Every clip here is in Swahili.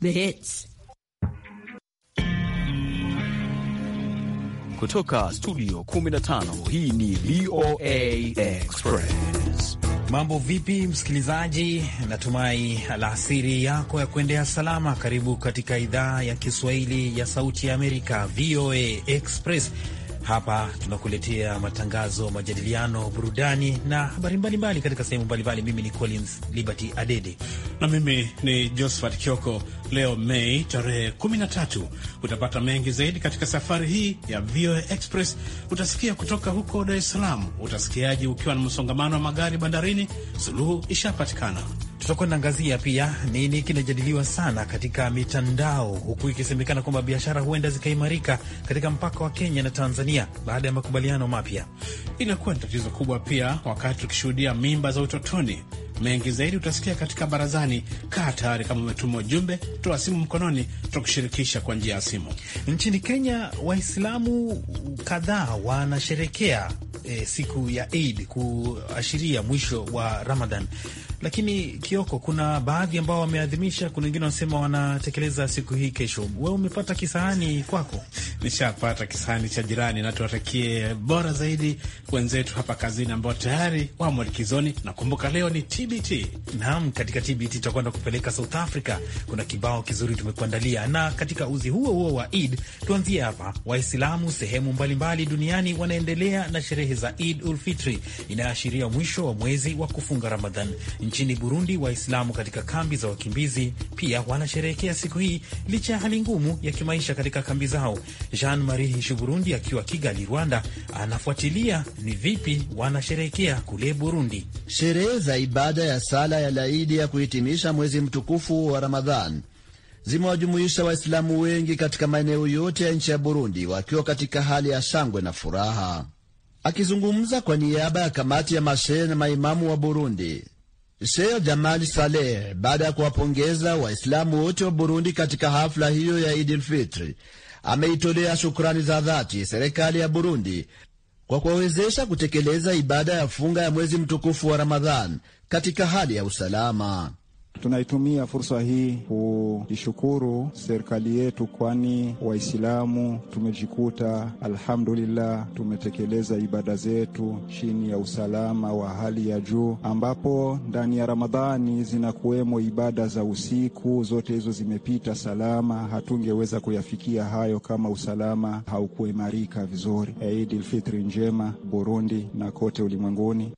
The Hits. Kutoka studio 15 hii ni VOA Express. Mambo vipi, msikilizaji? Natumai alasiri yako ya kuendea salama. Karibu katika idhaa ya Kiswahili ya Sauti ya Amerika, VOA Express hapa tunakuletea matangazo, majadiliano, burudani na habari mbalimbali katika sehemu mbalimbali. Mimi ni Collins Liberty Adede na mimi ni Josephat Kioko. Leo Mei tarehe 13 utapata mengi zaidi katika safari hii ya VOA Express. Utasikia kutoka huko Dar es Salaam, utasikiaji ukiwa na msongamano wa magari bandarini, suluhu ishapatikana tutakuwa tunaangazia pia nini kinajadiliwa sana katika mitandao, huku ikisemekana kwamba biashara huenda zikaimarika katika mpaka wa Kenya na Tanzania baada ya makubaliano mapya. Inakuwa ni tatizo kubwa pia wakati tukishuhudia mimba za utotoni. Mengi zaidi utasikia katika barazani. Kaa tayari, kama umetuma ujumbe, toa simu mkononi, tutakushirikisha kwa njia ya simu. Nchini Kenya, Waislamu kadhaa wanasherekea e, siku ya Eid kuashiria mwisho wa Ramadan. Lakini Kioko, kuna baadhi ambao wameadhimisha, kuna wengine wanasema wanatekeleza siku hii kesho. Wewe umepata kisahani kwako? Nishapata kisahani cha jirani, na tuwatakie bora zaidi wenzetu hapa kazini ambao tayari wamo likizoni. Nakumbuka leo ni TBT. Naam, katika TBT tutakwenda kupeleka South Africa. Kuna kibao kizuri tumekuandalia, na katika uzi huo huo wa Eid tuanzie hapa. Waislamu sehemu mbalimbali duniani wanaendelea na sherehe za Eid ulfitri inayoashiria mwisho wa mwezi wa kufunga Ramadhan. Nchini Burundi, Waislamu katika kambi za wakimbizi pia wanasherehekea siku hii licha ya hali ngumu ya kimaisha katika kambi zao. Jean Marie Hishu Burundi akiwa Kigali, Rwanda, anafuatilia ni vipi wanasherehekea kule Burundi. Sherehe za ibada ya sala ya laidi ya kuhitimisha mwezi mtukufu wa Ramadhan zimewajumuisha Waislamu wengi katika maeneo yote ya nchi ya Burundi wakiwa katika hali ya shangwe na furaha. Akizungumza kwa niaba ya kamati ya mashehe na maimamu wa Burundi, Sheikh Jamal Saleh baada ya kuwapongeza Waislamu wote wa Burundi katika hafla hiyo ya Idil Fitri ameitolea shukrani za dhati serikali ya Burundi kwa kuwawezesha kutekeleza ibada ya funga ya mwezi mtukufu wa Ramadhan katika hali ya usalama. Tunaitumia fursa hii kuishukuru serikali yetu, kwani Waislamu tumejikuta alhamdulillah, tumetekeleza ibada zetu chini ya usalama wa hali ya juu, ambapo ndani ya Ramadhani zinakuwemo ibada za usiku. Zote hizo zimepita salama, hatungeweza kuyafikia hayo kama usalama haukuimarika vizuri. Eid al njema Burundi na kote ulimwenguni.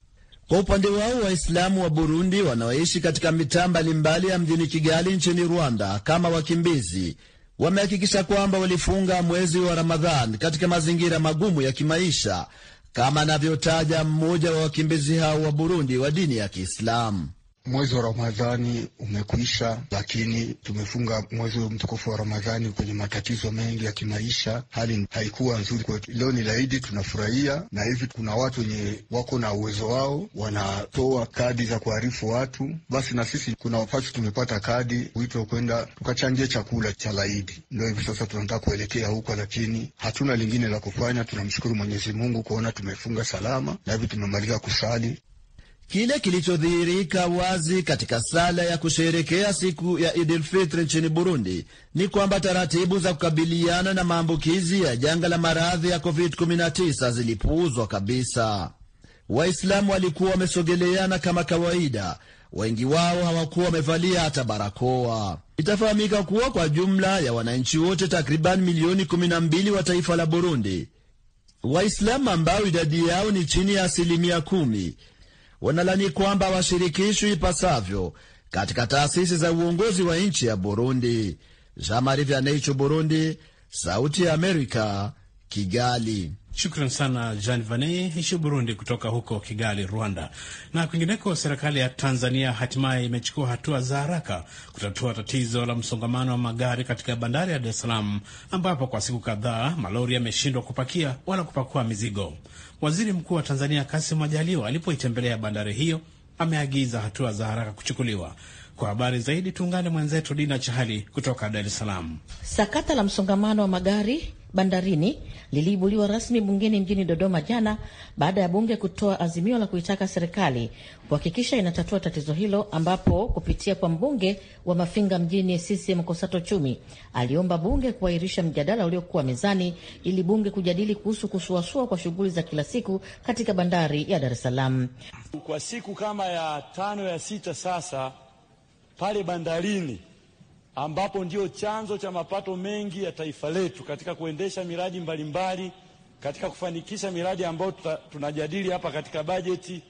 Kwa upande wao Waislamu wa Burundi wanaoishi katika mitaa mbalimbali ya mjini Kigali nchini Rwanda kama wakimbizi wamehakikisha kwamba walifunga mwezi wa Ramadhan katika mazingira magumu ya kimaisha, kama anavyotaja mmoja wa wakimbizi hao wa Burundi wa dini ya Kiislamu. Mwezi wa Ramadhani umekwisha, lakini tumefunga mwezi mtukufu wa Ramadhani kwenye matatizo mengi ya kimaisha. Hali haikuwa nzuri kwetu. Leo ni laidi, tunafurahia na hivi, kuna watu wenye wako na uwezo wao wanatoa kadi za kuharifu watu, basi na sisi kuna wapasi tumepata kadi, wito kwenda tukachangia chakula cha laidi. Ndio hivi sasa tunataka kuelekea huko, lakini hatuna lingine la kufanya. Tunamshukuru Mwenyezi Mungu kuona tumefunga salama na hivi tumemaliza kusali. Kile kilichodhihirika wazi katika sala ya kusherekea siku ya Fitri nchini Burundi ni kwamba taratibu za kukabiliana na maambukizi ya janga la maradhi ya COVID-19 zilipuuzwa kabisa. Waislamu walikuwa wamesogeleana kama kawaida, wengi wao hawakuwa wamevalia hata barakoa. Itafahamika kuwa kwa jumla ya wananchi wote takriban milioni 12 wa taifa la Burundi, Waislamu ambao idadi yao ni chini ya asilimia kumi wanalani kwamba washirikishwi ipasavyo katika taasisi za uongozi wa nchi ya Burundi. Burundi, Sauti ya Amerika, Kigali. Shukran sana Jan Vane ishi Burundi kutoka huko Kigali, Rwanda. Na kwingineko, serikali ya Tanzania hatimaye imechukua hatua za haraka kutatua tatizo la msongamano wa magari katika bandari ya Dar es Salaam, ambapo kwa siku kadhaa malori yameshindwa kupakia wala kupakua mizigo. Waziri Mkuu wa Tanzania Kassim Majaliwa alipoitembelea bandari hiyo ameagiza hatua za haraka kuchukuliwa kwa habari zaidi tuungane mwenzetu Dina Chahali kutoka Dar es Salaam. Sakata la msongamano wa magari bandarini liliibuliwa rasmi bungeni mjini Dodoma jana baada ya bunge kutoa azimio la kuitaka serikali kuhakikisha inatatua tatizo hilo, ambapo kupitia kwa mbunge wa Mafinga mjini CCM Kosato Chumi aliomba bunge kuahirisha mjadala uliokuwa mezani ili bunge kujadili kuhusu kusuasua kwa shughuli za kila siku katika bandari ya Dar es Salaam kwa siku kama ya tano ya sita sasa pale bandarini ambapo ndio chanzo cha mapato mengi ya taifa letu katika kuendesha miradi mbalimbali mbali, katika kufanikisha miradi ambayo tunajadili hapa katika bajeti.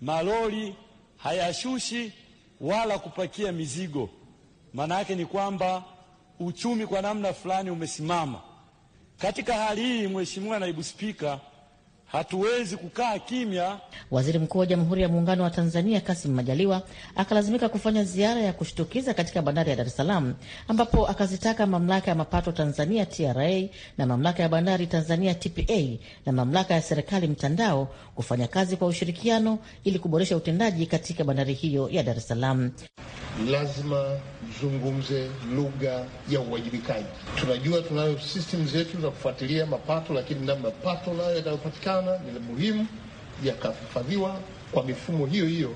Malori hayashushi wala kupakia mizigo. Maana yake ni kwamba uchumi kwa namna fulani umesimama. Katika hali hii, Mheshimiwa Naibu Spika, Hatuwezi kukaa kimya. Waziri Mkuu wa Jamhuri ya Muungano wa Tanzania Kasim Majaliwa akalazimika kufanya ziara ya kushtukiza katika bandari ya Dar es Salaam, ambapo akazitaka mamlaka ya mapato Tanzania TRA na mamlaka ya bandari Tanzania TPA na mamlaka ya serikali mtandao kufanya kazi kwa ushirikiano ili kuboresha utendaji katika bandari hiyo ya Dar es Salaam. Lazima mzungumze lugha ya uwajibikaji. Tunajua tunayo system zetu za kufuatilia mapato, lakini na mapato nayo yanayopatikana sana, ni la muhimu, yakahifadhiwa kwa mifumo hiyo hiyo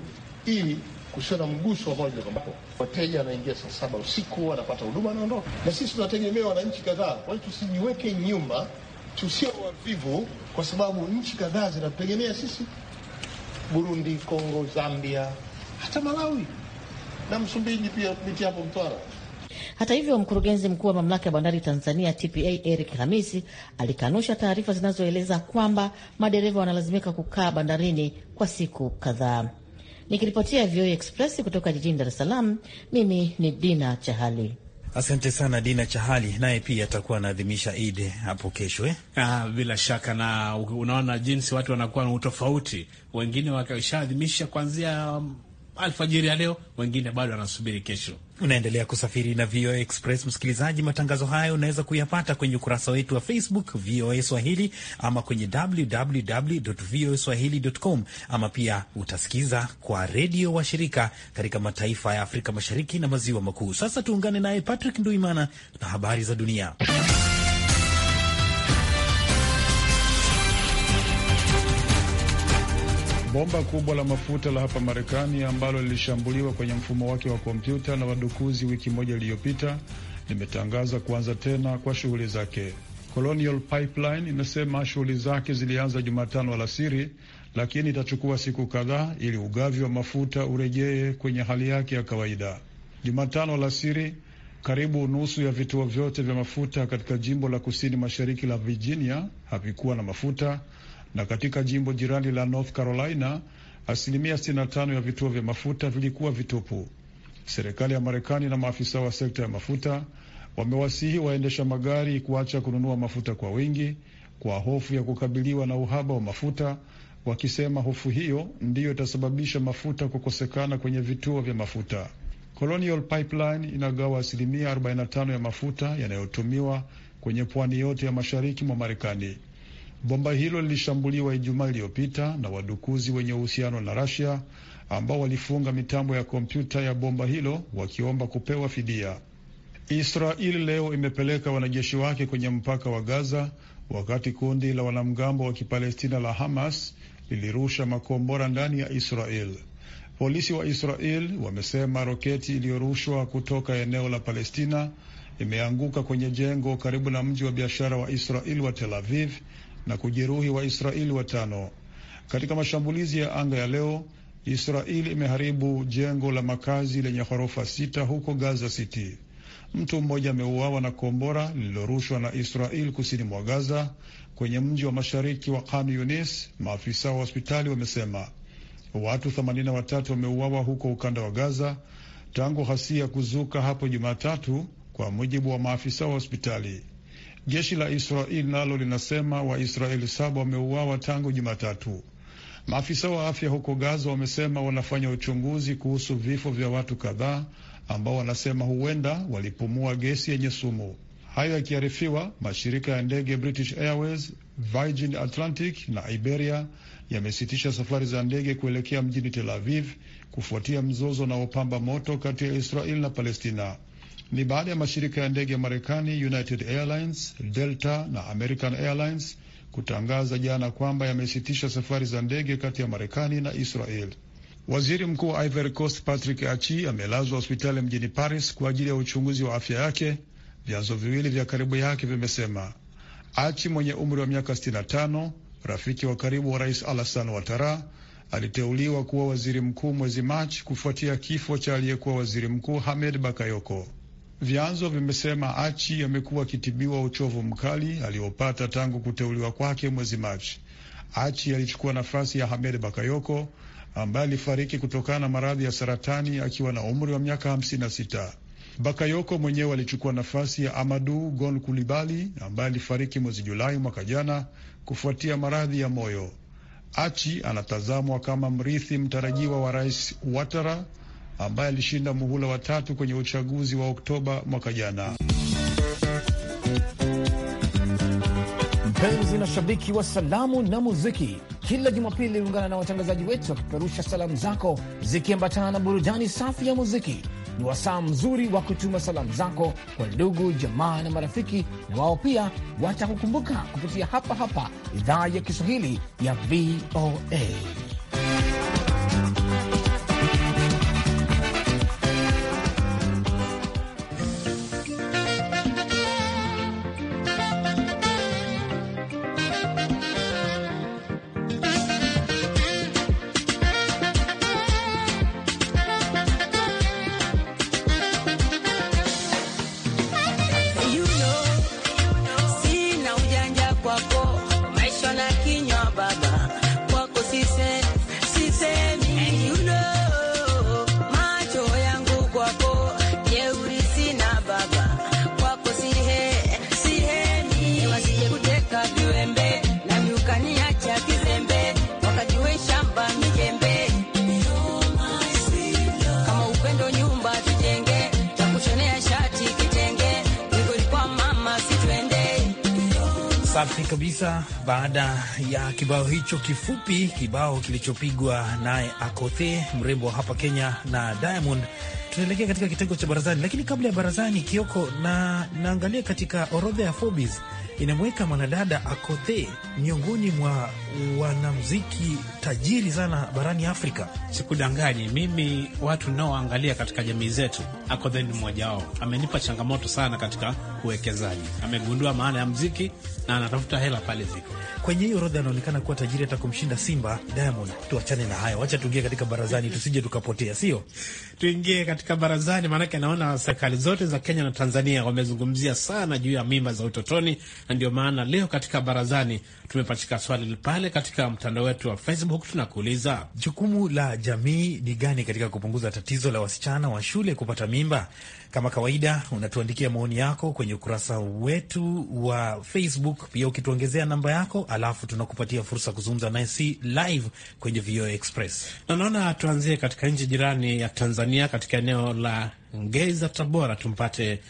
ili kusiwe na mguso wa moja kwa moja. Wateja wanaingia saa saba usiku wanapata huduma naondoka. na sisi tunategemea wananchi kadhaa. Kwa hiyo tusijiweke nyuma, tusio wavivu, kwa sababu nchi kadhaa zinatutegemea sisi: Burundi, Kongo, Zambia, hata Malawi na Msumbiji pia kupitia hapo Mtwara. Hata hivyo, mkurugenzi mkuu wa mamlaka ya bandari Tanzania TPA Eric Hamisi alikanusha taarifa zinazoeleza kwamba madereva wanalazimika kukaa bandarini kwa siku kadhaa. Nikiripotia VOA Express kutoka jijini Dar es Salaam, mimi ni Dina Chahali. Asante sana Dina Chahali, naye pia atakuwa anaadhimisha id hapo kesho eh? Ah, bila shaka, na unaona jinsi watu wanakuwa na utofauti, wengine wakishaadhimisha kuanzia um, alfajiri ya leo, wengine bado wanasubiri kesho. Unaendelea kusafiri na VOA Express, msikilizaji. Matangazo haya unaweza kuyapata kwenye ukurasa wetu wa Facebook VOA Swahili ama kwenye www voa swahili.com, ama pia utasikiza kwa redio wa shirika katika mataifa ya Afrika Mashariki na Maziwa Makuu. Sasa tuungane naye Patrick Nduimana na habari za dunia. Bomba kubwa la mafuta la hapa Marekani ambalo lilishambuliwa kwenye mfumo wake wa kompyuta na wadukuzi wiki moja iliyopita limetangaza kuanza tena kwa shughuli zake. Colonial Pipeline shughuli zake zilianza Jumatano alasiri, lakini itachukua siku kadhaa ili ugavi wa mafuta urejee kwenye hali yake ya kawaida. Jumatano alasiri, karibu nusu ya vituo vyote vya mafuta katika jimbo la kusini mashariki la Virginia havikuwa na mafuta na katika jimbo jirani la North Carolina asilimia 65 ya vituo vya mafuta vilikuwa vitupu. Serikali ya Marekani na maafisa wa sekta ya mafuta wamewasihi waendesha magari kuacha kununua mafuta kwa wingi kwa hofu ya kukabiliwa na uhaba wa mafuta, wakisema hofu hiyo ndiyo itasababisha mafuta kukosekana kwenye vituo vya mafuta. Colonial Pipeline inagawa asilimia 45 ya mafuta yanayotumiwa kwenye pwani yote ya mashariki mwa Marekani. Bomba hilo lilishambuliwa Ijumaa iliyopita na wadukuzi wenye uhusiano na Russia ambao walifunga mitambo ya kompyuta ya bomba hilo wakiomba kupewa fidia. Israeli leo imepeleka wanajeshi wake kwenye mpaka wa Gaza wakati kundi la wanamgambo wa Kipalestina la Hamas lilirusha makombora ndani ya Israel. Polisi wa Israel wamesema roketi iliyorushwa kutoka eneo la Palestina imeanguka kwenye jengo karibu na mji wa biashara wa Israel wa Tel Aviv na kujeruhi Waisraeli watano. Katika mashambulizi ya anga ya leo, Israeli imeharibu jengo la makazi lenye ghorofa sita huko Gaza City. Mtu mmoja ameuawa na kombora lililorushwa na Israel kusini mwa Gaza, kwenye mji wa mashariki wa Khan Yunis, maafisa wa hospitali wamesema. Watu 83 wameuawa huko ukanda wa Gaza tangu ghasia kuzuka hapo Jumatatu, kwa mujibu wa maafisa wa hospitali. Jeshi la israeli nalo linasema Waisraeli saba wameuawa tangu Jumatatu. Maafisa wa afya huko Gaza wamesema wanafanya uchunguzi kuhusu vifo vya watu kadhaa ambao wanasema huenda walipumua gesi yenye sumu. Hayo yakiarifiwa, mashirika ya ndege British Airways, Virgin Atlantic na Iberia yamesitisha safari za ndege kuelekea mjini Tel Aviv kufuatia mzozo unaopamba moto kati ya Israel na Palestina ni baada ya mashirika ya ndege ya Marekani United Airlines, Delta na American Airlines kutangaza jana kwamba yamesitisha safari za ndege kati ya Marekani na Israel. Waziri mkuu wa Ivory Coast Patrick Achi amelazwa hospitali mjini Paris kwa ajili ya uchunguzi wa afya yake, vyanzo viwili vya karibu yake vimesema. Achi mwenye umri wa miaka 65, rafiki wa karibu wa rais Alassane Ouattara, aliteuliwa kuwa waziri mkuu mwezi Machi kufuatia kifo cha aliyekuwa waziri mkuu Hamed Bakayoko. Vyanzo vimesema Achi amekuwa akitibiwa uchovu mkali aliopata tangu kuteuliwa kwake mwezi Machi. Achi alichukua nafasi ya Hamed Bakayoko ambaye alifariki kutokana na maradhi ya saratani akiwa na umri wa miaka 56. Bakayoko mwenyewe alichukua nafasi ya Amadu Gon Kulibali ambaye alifariki mwezi Julai mwaka jana kufuatia maradhi ya moyo. Achi anatazamwa kama mrithi mtarajiwa wa Rais Watara ambaye alishinda muhula wa tatu kwenye uchaguzi wa Oktoba mwaka jana. Mpenzi na shabiki wa salamu na muziki, kila Jumapili ungana na watangazaji wetu wakipeperusha salamu zako zikiambatana na burudani safi ya muziki. Ni wasaa mzuri wa kutuma salamu zako kwa ndugu, jamaa na marafiki, na wao pia watakukumbuka kupitia hapa hapa idhaa ya Kiswahili ya VOA. baada ya kibao hicho kifupi, kibao kilichopigwa naye Akothe mrembo wa hapa Kenya na Diamond tunaelekea katika kitengo cha barazani, lakini kabla ya barazani, Kioko, na naangalia katika orodha ya Forbes inamweka mwanadada Akothe miongoni mwa wanamuziki tajiri sana barani Afrika. Sikudanganyi mimi, watu naoangalia katika jamii zetu, Akothe ni mmoja wao. Amenipa changamoto sana katika uwekezaji, amegundua maana ya mziki na anatafuta hela pale ziko kwenye hiyo orodha. Anaonekana kuwa tajiri hata kumshinda Simba Diamond. Tuachane na hayo, wacha tuingie katika barazani, tusije tukapotea, sio tuingie katika katika barazani, maanake naona serikali zote za Kenya na Tanzania wamezungumzia sana juu ya mimba za utotoni, na ndio maana leo katika barazani tumepachika swali pale katika mtandao wetu wa Facebook. Tunakuuliza, jukumu la jamii ni gani katika kupunguza tatizo la wasichana wa shule kupata mimba? Kama kawaida, unatuandikia maoni yako kwenye ukurasa wetu wa Facebook, pia ukituongezea namba yako, alafu tunakupatia fursa kuzungumza naye si live kwenye VOA Express. Na naona tuanzie katika nchi jirani ya Tanzania, katika eneo la Ngeza, Tabora, tumpate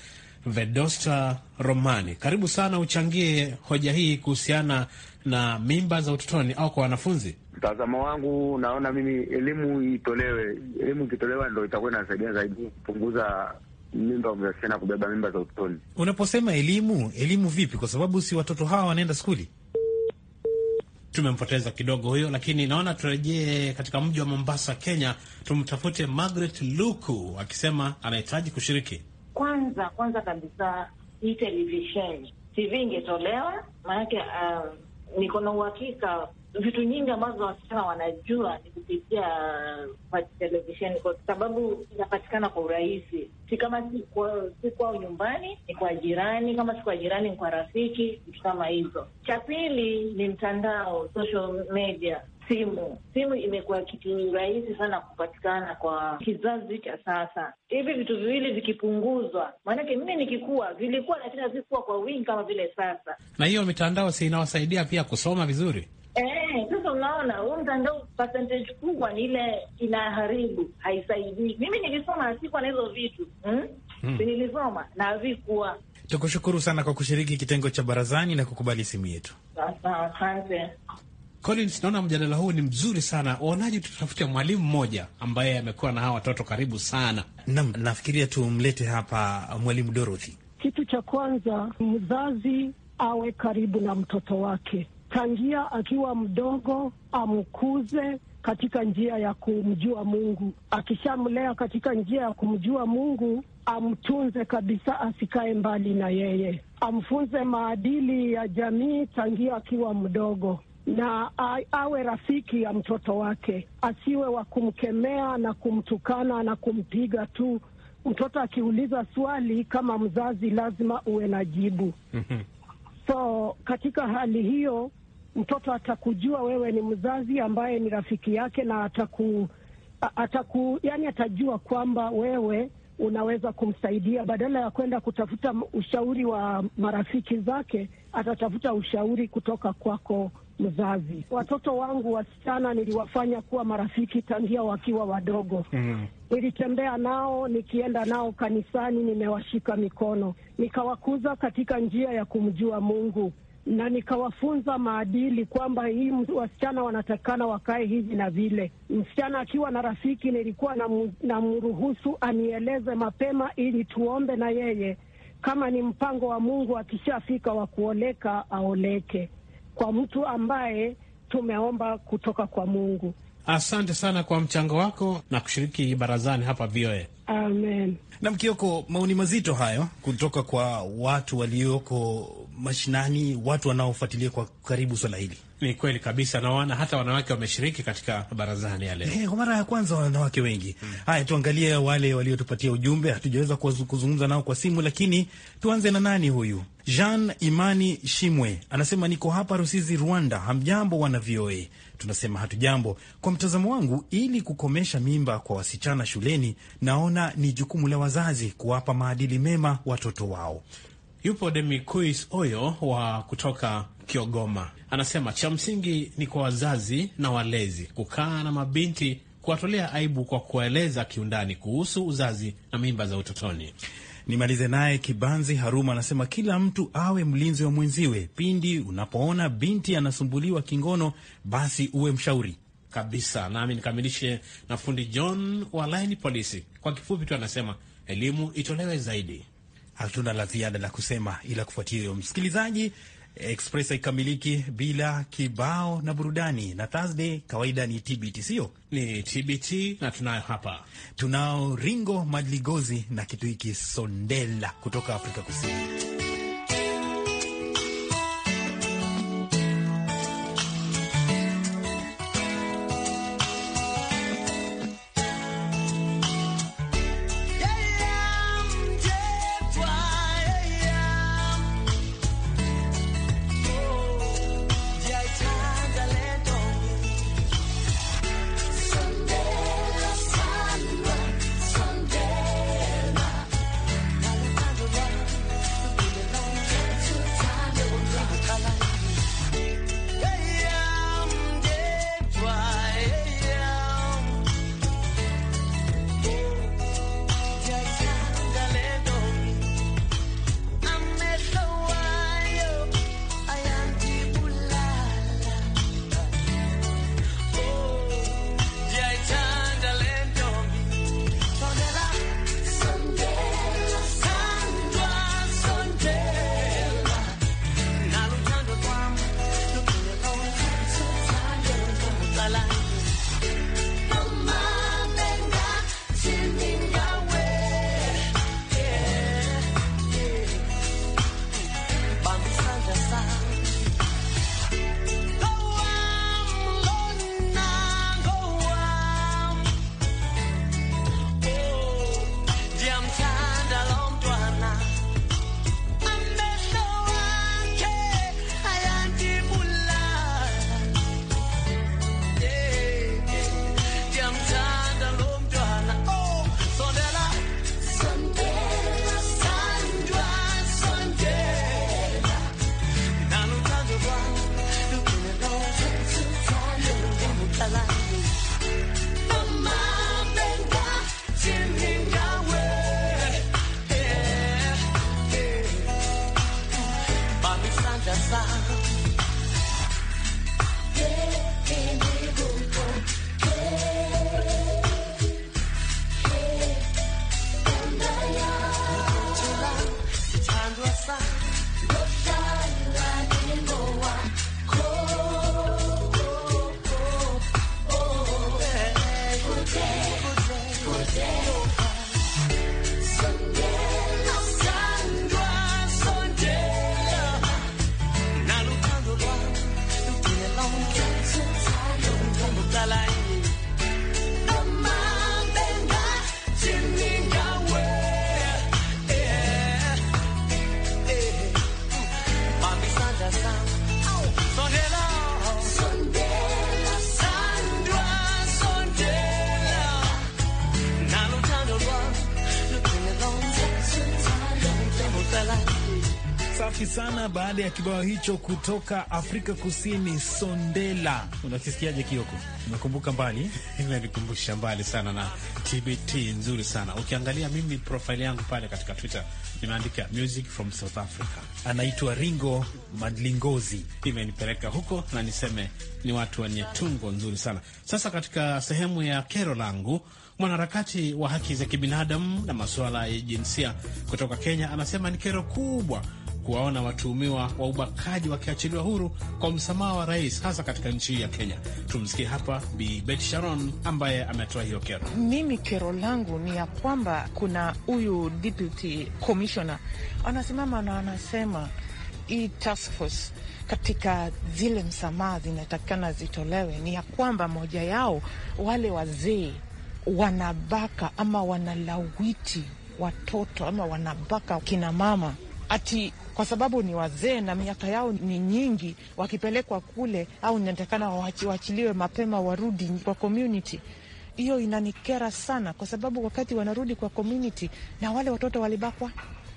Vedosta Romani, karibu sana, uchangie hoja hii kuhusiana na mimba za utotoni au kwa wanafunzi. Mtazamo wangu naona mimi elimu itolewe, elimu ikitolewa ndo itakuwa inasaidia zaidi kupunguza mimba vya wasichana kubeba mimba za utotoni. Unaposema elimu, elimu vipi? Kwa sababu si watoto hawa wanaenda skuli. Tumempoteza kidogo huyo, lakini naona turejee katika mji wa Mombasa, Kenya, tumtafute Margaret Luku akisema anahitaji kushiriki. Kwanza kwanza kabisa hii televisheni TV ingetolewa, maanake uh, niko na uhakika vitu nyingi ambazo wasichana wanajua ni kupitia uh, kwa televisheni, kwa sababu inapatikana kwa urahisi. Si kama si kwao, si nyumbani, ni kwa jirani, kama si kwa jirani ni kwa rafiki, vitu kama hizo. Cha pili ni mtandao, social media Simu simu imekuwa kitu rahisi sana kupatikana kwa kizazi cha sasa. Hivi vitu viwili vikipunguzwa, maanake mimi nikikuwa vilikuwa, lakini havikuwa kwa wingi kama vile sasa, na hiyo mitandao si inawasaidia pia kusoma vizuri. Eh, sasa unaona huo mtandao percentage kubwa ni ile inaharibu, haisaidii. Mimi nilisoma asikwa na hizo vitu hmm? Hmm. Nilisoma na havikuwa. Tukushukuru sana kwa kushiriki kitengo cha barazani na kukubali simu yetu. asante. Collins, naona mjadala huu ni mzuri sana. Waonaje tutafute mwalimu mmoja ambaye amekuwa na hawa watoto karibu sana? Naam, nafikiria tumlete hapa mwalimu Dorothy. Kitu cha kwanza mzazi awe karibu na mtoto wake tangia akiwa mdogo amkuze katika njia ya kumjua Mungu. Akishamlea katika njia ya kumjua Mungu, amtunze kabisa, asikae mbali na yeye, amfunze maadili ya jamii tangia akiwa mdogo, na awe rafiki ya mtoto wake, asiwe wa kumkemea na kumtukana na kumpiga tu. Mtoto akiuliza swali, kama mzazi lazima uwe na jibu. So katika hali hiyo mtoto atakujua wewe ni mzazi ambaye ni rafiki yake, na ataku, ataku, yani atajua kwamba wewe unaweza kumsaidia badala ya kwenda kutafuta ushauri wa marafiki zake, atatafuta ushauri kutoka kwako mzazi. Watoto wangu wasichana niliwafanya kuwa marafiki tangia wakiwa wadogo mm. Nilitembea nao, nikienda nao kanisani, nimewashika mikono, nikawakuza katika njia ya kumjua Mungu na nikawafunza maadili kwamba hii wasichana wanatakana wakae hivi na vile. Msichana akiwa na rafiki, nilikuwa namruhusu anieleze mapema, ili tuombe na yeye, kama ni mpango wa Mungu, akishafika wa kuoleka aoleke kwa mtu ambaye tumeomba kutoka kwa Mungu. Asante sana kwa mchango wako na kushiriki barazani hapa VOA. Amen. Na Mkioko, maoni mazito hayo kutoka kwa watu walioko mashinani, watu wanaofuatilia kwa karibu swala hili. Ni kweli kabisa, naona hata wanawake wameshiriki katika barazani ya leo eh, kwa mara ya kwanza wanawake wengi. Haya, tuangalie wale waliotupatia ujumbe. Hatujaweza kuzungumza nao kwa simu, lakini tuanze na nani huyu. Jean Imani Shimwe anasema niko hapa Rusizi, Rwanda. Hamjambo wana VOA? Tunasema hatujambo. Kwa mtazamo wangu, ili kukomesha mimba kwa wasichana shuleni, naona ni jukumu la wazazi kuwapa maadili mema watoto wao. Yupo Demicuis Oyo wa kutoka Kiogoma, anasema cha msingi ni kwa wazazi na walezi kukaa na mabinti, kuwatolea aibu kwa kuwaeleza kiundani kuhusu uzazi na mimba za utotoni. Nimalize naye Kibanzi Haruma anasema kila mtu awe mlinzi wa mwenziwe. Pindi unapoona binti anasumbuliwa kingono, basi uwe mshauri kabisa. Nami nikamilishe na fundi John wa laini polisi. Kwa kifupi tu anasema elimu itolewe zaidi hatuna la ziada la kusema ila kufuatia hiyo, msikilizaji, Express haikamiliki bila kibao na burudani, na Thursday kawaida ni TBT, sio ni TBT, na tunayo hapa, tunao Ringo Madligozi na kitu hiki Sondela kutoka Afrika Kusini. baada ya kibao hicho kutoka Afrika Kusini, Sondela. Unakisikiaje Kioko? Umekumbuka mbali? Imenikumbusha mbali sana na TBT nzuri sana. Ukiangalia mimi profile yangu pale katika Twitter nimeandika music from South Africa, anaitwa Ringo Madlingozi. Imenipeleka huko na niseme ni watu wenye tungo nzuri sana. Sasa katika sehemu ya kero langu mwanaharakati wa haki za kibinadamu na masuala ya jinsia kutoka Kenya anasema ni kero kubwa kuwaona watuhumiwa wa ubakaji wakiachiliwa huru kwa msamaha wa rais, hasa katika nchi hii ya Kenya. Tumsikie hapa Bi Betty Sharon ambaye ametoa hiyo kero. Mimi kero langu ni ya kwamba kuna huyu deputy commissioner anasimama na anasema hii task force katika zile msamaha zinatakikana zitolewe, ni ya kwamba moja yao wale wazee wanabaka ama wanalawiti watoto ama wanabaka kina mama, ati kwa sababu ni wazee na miaka yao ni nyingi. Wakipelekwa kule au inatakana waachiliwe mapema, warudi kwa community hiyo. Inanikera sana, kwa sababu wakati wanarudi kwa community, na wale watoto walibakwa,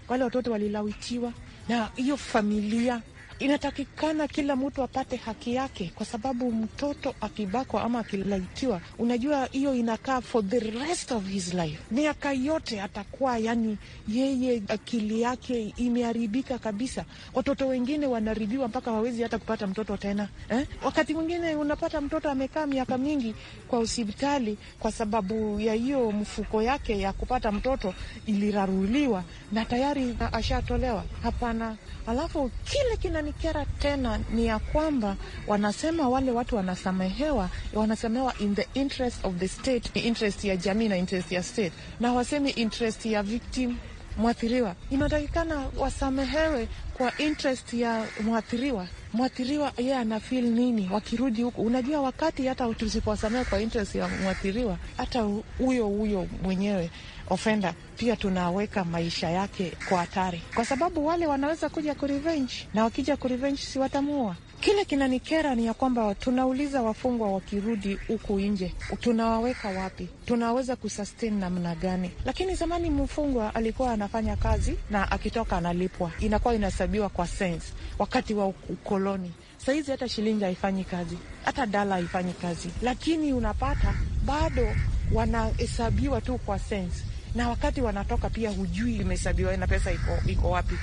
wale watoto walilawitiwa na hiyo familia Inatakikana kila mtu apate haki yake, kwa sababu mtoto akibakwa ama akilaitiwa, unajua hiyo inakaa for the rest of his life, miaka yote atakuwa yani, yeye akili yake imeharibika kabisa. Watoto wengine wanaribiwa mpaka wawezi hata kupata mtoto tena eh? Wakati mwingine unapata mtoto amekaa miaka mingi kwa hospitali kwa sababu ya hiyo mfuko yake ya kupata mtoto iliraruliwa na tayari ashatolewa. Hapana, alafu kile kina kinachonikera tena ni ya kwamba wanasema wale watu wanasamehewa, wanasamehewa in the interest of the state, interest ya jamii na interest ya state, na wasemi interest ya victim mwathiriwa, inatakikana wasamehewe kwa interest ya mwathiriwa mwathiriwa yeye yeah, ana feel nini wakirudi huku. Unajua, wakati hata tusipowasamehe kwa interest ya mwathiriwa, hata huyo huyo mwenyewe ofenda pia tunaweka maisha yake kwa hatari, kwa sababu wale wanaweza kuja kurevenge, na wakija kurevenge si watamuua. Kile kinanikera ni ya kwamba tunauliza wafungwa wakirudi huku nje, tunawaweka wapi? Tunaweza kusustain namna gani? Lakini zamani mfungwa alikuwa anafanya kazi na akitoka analipwa, inakuwa inahesabiwa kwa sense, wakati wa ukoloni. Sahizi hata shilingi haifanyi kazi, hata dala haifanyi kazi, lakini unapata bado wanahesabiwa tu kwa sense na wakati wanatoka pia hujui imehesabiwa na pesa iko, iko wapi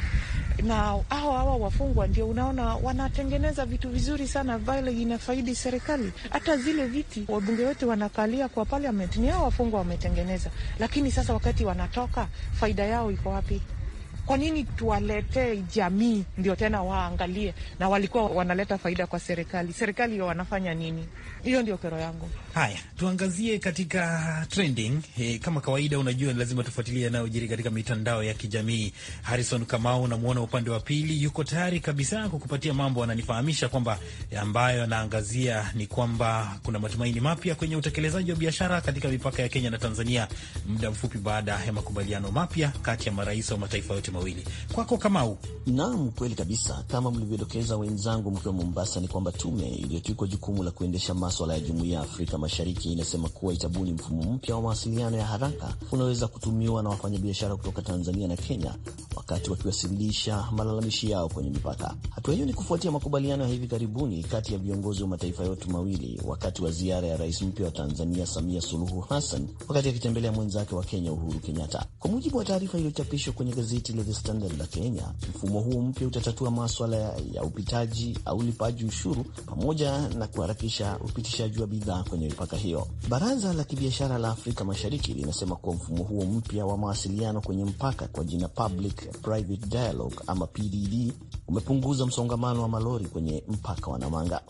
na hawa hawa wafungwa ndio unaona wanatengeneza vitu vizuri sana, vile inafaidi serikali. Hata zile viti wabunge wote wanakalia kwa parliament ni hawa wafungwa wametengeneza, lakini sasa wakati wanatoka, faida yao iko wapi? Kwa nini tuwaletee jamii ndio tena waangalie, na walikuwa wanaleta faida kwa serikali? Serikali hiyo wanafanya nini? Hiyo ndio kero yangu. Haya, tuangazie katika trending. E, kama kawaida, unajua lazima tufuatilie yanayojiri katika mitandao ya kijamii. Harrison Kamau namwona upande wa pili, yuko tayari kabisa kukupatia mambo, ananifahamisha kwamba eh, ambayo anaangazia ni kwamba kuna matumaini mapya kwenye utekelezaji wa biashara katika mipaka ya Kenya na Tanzania muda mfupi baada ya makubaliano mapya kati ya marais wa mataifa yote mawili. Kwako Kamau. Naam, kweli kabisa, kama mlivyodokeza wenzangu mkiwa Mombasa, ni kwamba tume iliyotikwa jukumu la kuendesha maswala ya jumuiya ya Afrika Mashariki inasema kuwa itabuni mfumo mpya wa mawasiliano ya haraka unaweza kutumiwa na wafanyabiashara kutoka Tanzania na Kenya wakati wakiwasilisha malalamishi yao kwenye mipaka. Hatua hiyo ni kufuatia makubaliano ya hivi karibuni kati ya viongozi wa mataifa yote mawili wakati wa ziara ya rais mpya wa Tanzania Samia Suluhu Hassan wakati akitembelea mwenzake wa Kenya Uhuru Kenyatta. Kwa mujibu wa taarifa iliyochapishwa kwenye gazeti la the Standard la Kenya, mfumo huu mpya utatatua maswala ya upitaji au ulipaji ushuru pamoja na kuharakisha upitishaji wa bidhaa kwenye mipaka hiyo. Baraza la Kibiashara la Afrika Mashariki linasema kuwa mfumo huo mpya wa mawasiliano kwenye mpaka kwa jina Public Private Dialogue ama PDD umepunguza msongamano wa malori kwenye mpaka wa Namanga.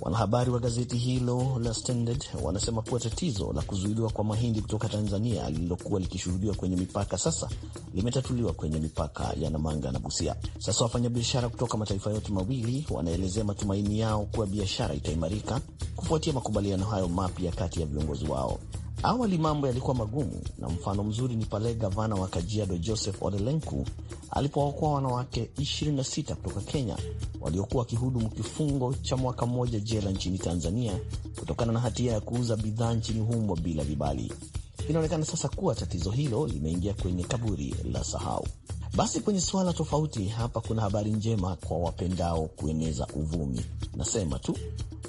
Wanahabari wa gazeti hilo la Standard wanasema kuwa tatizo la kuzuiliwa kwa mahindi kutoka Tanzania lililokuwa likishuhudiwa kwenye mipaka sasa limetatuliwa kwenye mipaka ya Namanga na Busia. Sasa wafanyabiashara kutoka mataifa yote mawili wanaelezea matumaini yao kuwa biashara itaimarika kufuatia makubaliano hayo mapya kati ya viongozi wao. Awali mambo yalikuwa magumu, na mfano mzuri ni pale gavana wa Kajiado Joseph Odelenku alipookoa wanawake 26 kutoka Kenya waliokuwa wakihudumu kifungo cha mwaka mmoja jela nchini Tanzania kutokana na hatia ya kuuza bidhaa nchini humo bila vibali. Inaonekana sasa kuwa tatizo hilo limeingia kwenye kaburi la sahau. Basi kwenye suala tofauti hapa, kuna habari njema kwa wapendao kueneza uvumi. Nasema tu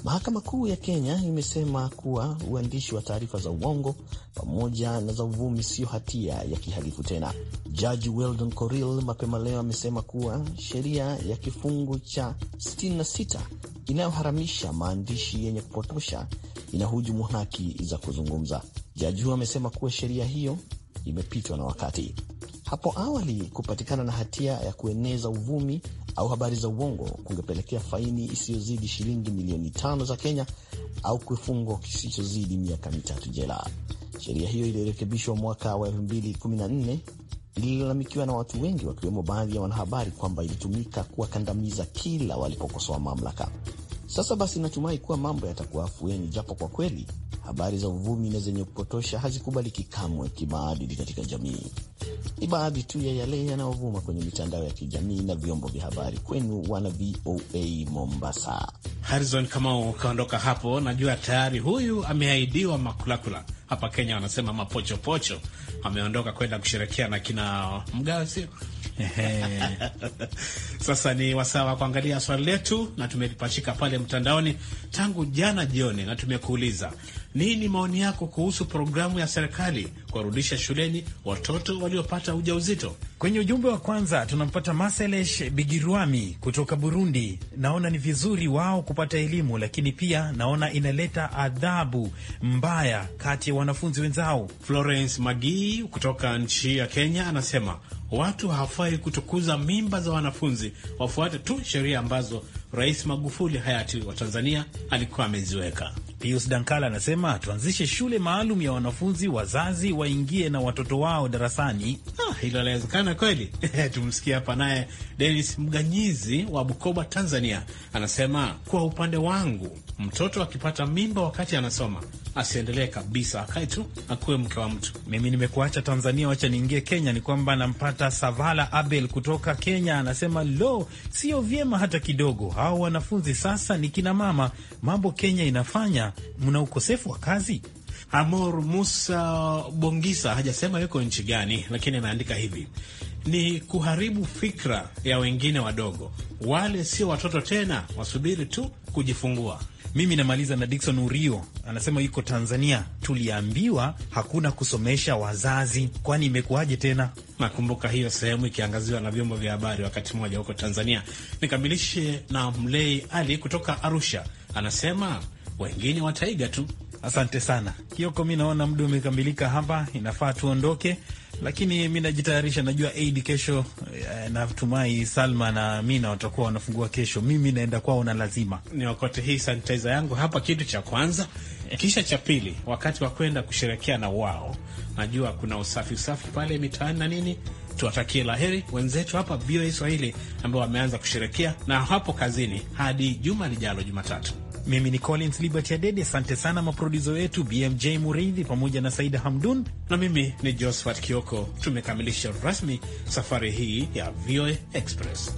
mahakama kuu ya Kenya imesema kuwa uandishi wa taarifa za uongo pamoja na za uvumi siyo hatia ya kihalifu tena. Jaji Weldon Coril mapema leo amesema kuwa sheria ya kifungu cha 66 inayoharamisha maandishi yenye kupotosha inahujumu haki za kuzungumza. Jaji huyo amesema kuwa sheria hiyo imepitwa na wakati. Hapo awali kupatikana na hatia ya kueneza uvumi au habari za uongo kungepelekea faini isiyozidi shilingi milioni tano za Kenya au kifungo kisichozidi miaka mitatu jela. Sheria hiyo iliyorekebishwa mwaka wa 2014 ililalamikiwa na watu wengi, wakiwemo baadhi ya wanahabari kwamba ilitumika kuwakandamiza kila walipokosoa mamlaka. Sasa basi, natumai kuwa mambo yatakuwa afueni, japo kwa kweli habari za uvumi na zenye kupotosha hazikubaliki kamwe kimaadili katika jamii. Ni baadhi tu ya yale yanayovuma kwenye mitandao ya kijamii na vyombo vya habari. Kwenu wana VOA Mombasa, Harrison Kamau ukaondoka hapo, najua tayari huyu ameahidiwa makulakula hapa Kenya wanasema mapochopocho, ameondoka kwenda kusherekea na kina Mgawe, sio? Sasa ni wasaa wa kuangalia swali letu, na tumepachika pale mtandaoni tangu jana jioni, na tumekuuliza nini maoni yako kuhusu programu ya serikali kuwarudisha shuleni watoto waliopata ujauzito? Kwenye ujumbe wa kwanza tunampata Maselesh Bigirwami kutoka Burundi. Naona ni vizuri wao kupata elimu, lakini pia naona inaleta adhabu mbaya kati wanafunzi wenzao. Florence Magii kutoka nchi ya Kenya anasema watu hawafai kutukuza mimba za wanafunzi, wafuate tu sheria ambazo Rais Magufuli hayati wa Tanzania alikuwa ameziweka. Pius Dankala anasema tuanzishe shule maalum ya wanafunzi, wazazi waingie na watoto wao darasani. Ah, hilo linawezekana kweli. Tumsikie hapa naye Denis Mganyizi wa Bukoba, Tanzania, anasema kwa upande wangu mtoto akipata mimba wakati anasoma asiendelee kabisa, akae tu akuwe mke wa mtu. Mimi nimekuacha Tanzania, wacha niingie Kenya. Ni kwamba nampata Savala Abel kutoka Kenya, anasema lo, sio vyema hata kidogo. Hawa wanafunzi sasa ni kina mama, mambo Kenya inafanya mna ukosefu wa kazi. Amor Musa Bongisa hajasema yuko nchi gani, lakini ameandika hivi: ni kuharibu fikra ya wengine wadogo. Wale sio watoto tena, wasubiri tu kujifungua. Mimi namaliza na dikson Urio anasema yuko Tanzania. Tuliambiwa hakuna kusomesha wazazi, kwani imekuwaje tena? Nakumbuka hiyo sehemu ikiangaziwa na vyombo vya habari wakati mmoja huko Tanzania. Nikamilishe na Mlei Ali kutoka Arusha, anasema wengine wataiga tu. Asante sana Kioko, mi naona muda umekamilika hapa, inafaa tuondoke lakini mi najitayarisha, najua aid kesho. Eh, natumai Salma na Mina watakuwa wanafungua kesho, mimi naenda kwao na lazima wakote hii sanitizer yangu hapa, kitu cha kwanza, kisha cha pili, wakati wa kwenda kusherekea na wao, najua kuna usafi usafi pale mitaani na nini tuwatakie laheri wenzetu hapa VOA Swahili ambao wameanza kusherekea na hapo kazini hadi juma lijalo Jumatatu. Mimi ni Collins Liberty Adede, asante sana maprodusa wetu BMJ Muridhi pamoja na Saida Hamdun, na mimi ni Josphat Kioko. Tumekamilisha rasmi safari hii ya VOA Express.